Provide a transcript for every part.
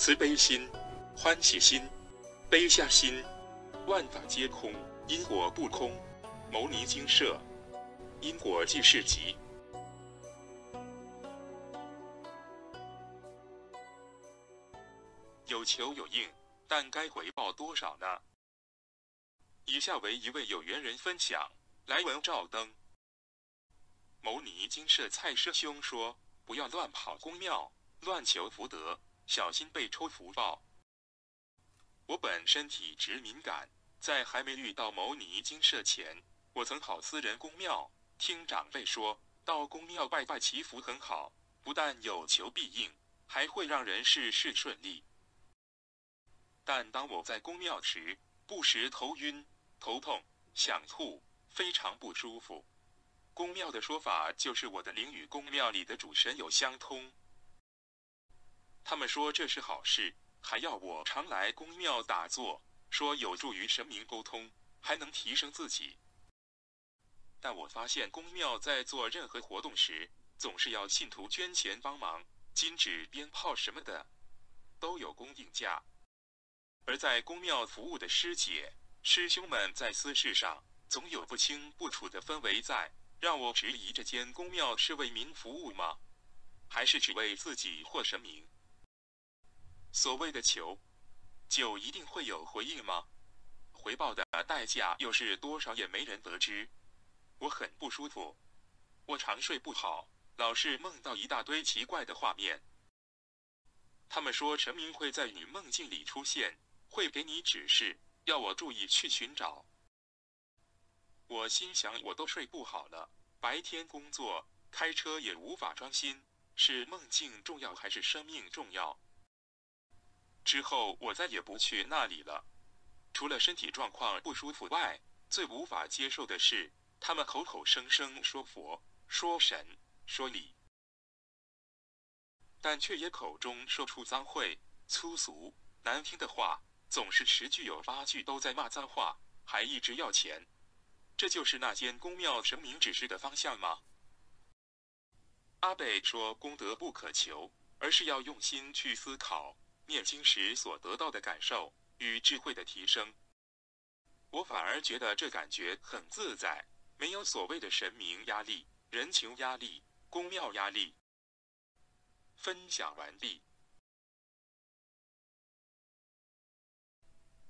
慈悲心、歡喜心、悲下心，萬法皆空，因果不空。牟尼精舍，因果濟世集，有求有應，但該回報多少呢？以下為一位有緣人分享：來文照登，牟尼精舍蔡師兄說：“不要亂跑宮廟，亂求福德。”小心被抽福報。我本身體質敏感，在還沒遇到牟尼精舍前，我曾跑私人宮廟，聽長輩說到宮廟拜拜祈福很好，不但有求必應，還會讓人事事順利。但當我在宮廟時，不時頭暈、頭痛、想吐，非常不舒服。宮廟的說法就是我的靈與宮廟裡的主神有相通。他們說這是好事，還要我常來宮廟打坐，說有助於神明溝通，還能提升自己。但我發現宮廟在做任何活動時，總是要信徒捐錢幫忙，金紙、鞭炮什麼的，都有公定價。而在宮廟服務的師姐、師兄們在私事上總有不清不楚的氛圍在，讓我質疑這間宮廟是為民服務嗎？還是只為自己或神明？所謂的求，就一定會有回應嗎？回報的代價又是多少？也沒人得知。我很不舒服，我常睡不好，老是夢到一大堆奇怪的畫面。他們說，神明會在你夢境裡出現，會給你指示，要我注意去尋找。我心想，我都睡不好了，白天工作開車也無法專心，是夢境重要還是生命重要？之後我再也不去那裡了。除了身體狀況不舒服外，最無法接受的是，他們口口聲聲說佛、說神、說理，但卻也口中說出髒穢、粗俗、難聽的話，總是十句有八句都在罵髒話，還一直要錢。這就是那間宮廟神明指示的方向嗎？阿北說，功德不可求，而是要用心去思考。念經時所得到的感受與智慧的提升，我反而覺得這感覺很自在，沒有所謂的神明壓力、人情壓力、宮廟壓力。分享完畢。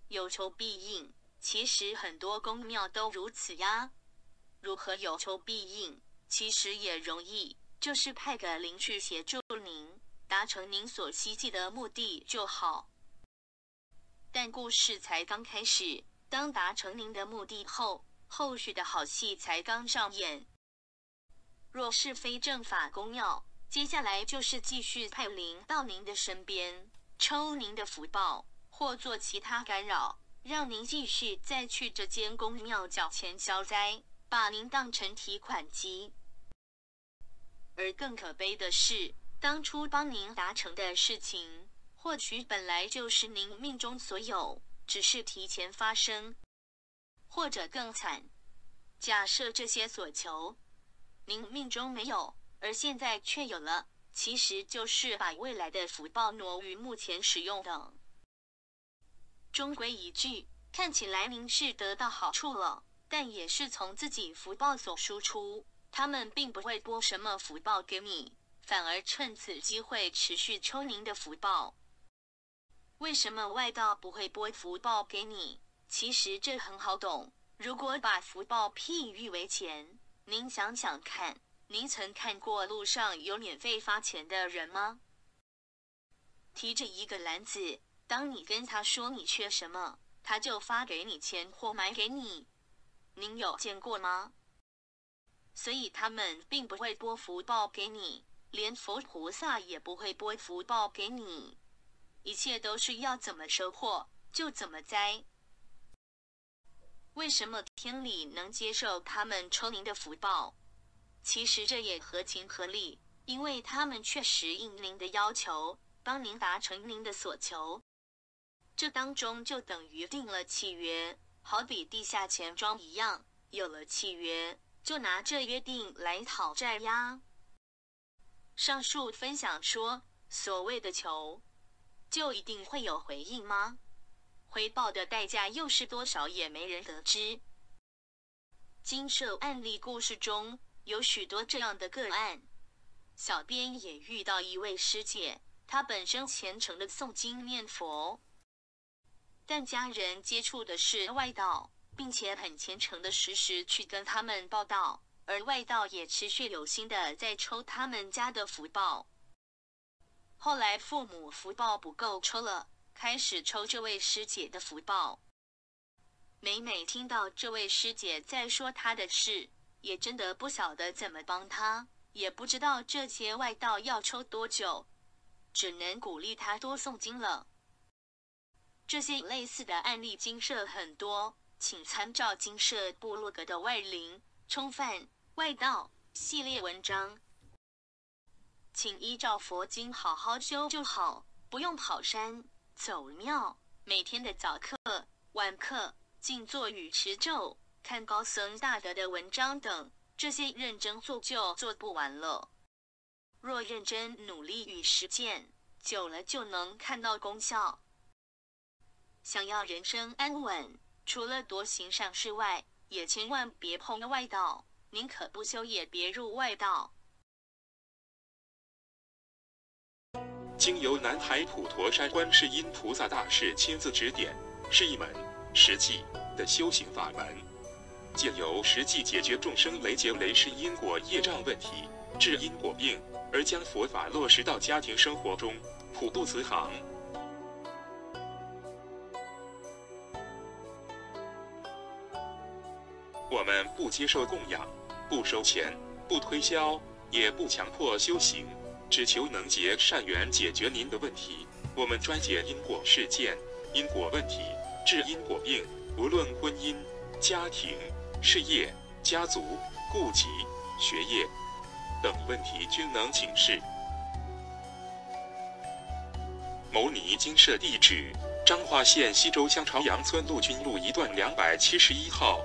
有求必應，其實很多宮廟都如此呀。如何有求必應？其實也容易，就是派個靈去協助您。達成您所希冀的目的就好，但故事才剛開始。當達成您的目的後，後續的好戲才剛上演。若是非正法公廟，接下來就是繼續派靈到您的身邊，抽您的福報，或做其他干擾，讓您繼續再去這間公廟繳錢消災，把您當成提款機。而更可悲的是，當初幫您達成的事情，或許本來就是您命中所有，只是提前發生；或者更慘，假設這些所求您命中沒有，而現在卻有了，其實就是把未來的福報挪於目前使用等。終歸一句，看起來您是得到好處了，但也是從自己福報所輸出，他們並不會撥什麼福報給你。反而趁此機會持續抽您的福報。為什麼外道不會撥福報給你？其實這很好懂。如果把福報譬喻為錢，您想想看，您曾看過路上有免費發錢的人嗎？提着一個籃子，當你跟他說你缺什麼，他就發給你錢或買給你。您有見過嗎？所以他們並不會撥福報給你。連佛菩薩也不會撥福報給你，一切都是要怎麼收穫就怎麼栽。為什麼天理能接受他們抽您的福報？其實這也合情合理，因為他們確實應您的要求，幫您達成您的所求，這當中就等於定了契約，好比地下錢莊一樣，有了契約，就拿這約定來討債呀。上述分享說，所謂的求，就一定會有回應嗎？回報的代價又是多少？也沒人得知。精舍案例故事中有許多這樣的個案，小編也遇到一位師姐，她本身虔誠的誦經念佛，但家人接觸的是外道，並且很虔誠的時時去跟他們報道。而外道也持續留心的在抽他們家的福報。後來父母福報不夠抽了，開始抽這位師姐的福報。每每聽到這位師姐在說她的事，也真的不曉得怎麼幫她，也不知道這些外道要抽多久，只能鼓勵她多誦經了。這些類似的案例，精舍很多，請參照精舍部落格的外靈沖犯。外道系列文章，請依照佛經好好修就好，不用跑山走廟。每天的早課、晚課、靜坐與持咒，看高僧大德的文章等，這些認真做就做不完了。若認真努力與實踐，久了就能看到功效。想要人生安穩，除了多行善事外，也千萬別碰外道。您可不修也別入外道。經由南海普陀山觀世音菩薩大士親自指點，是一門實際的修行法門，借由實際解決眾生累劫、累世因果業障問題，治因果病，而將佛法落實到家庭生活中，普渡慈航。我們不接受供養。不收錢，不推銷，也不強迫修行，只求能結善緣，解決您的問題。我們專解因果事件、因果問題、治因果病，無論婚姻、家庭、事業、家族、痼疾、學業等問題，均能請示。牟尼精舍地址：彰化縣溪州鄉潮洋村陸軍路一段兩百七十一號。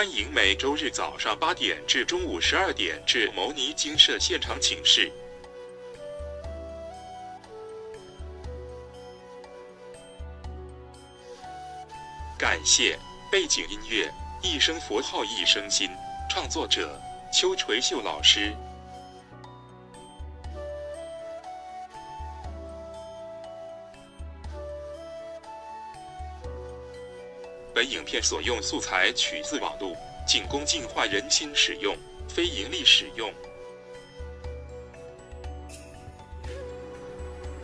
歡迎每周日早上八點至中午十二點至牟尼精舍現場請示。感謝背景音樂《一聲佛號一聲心》，創作者邱垂秀老師。本影片所用素材取自網路，僅供淨化人心使用，非盈利使用。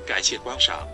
感謝觀賞。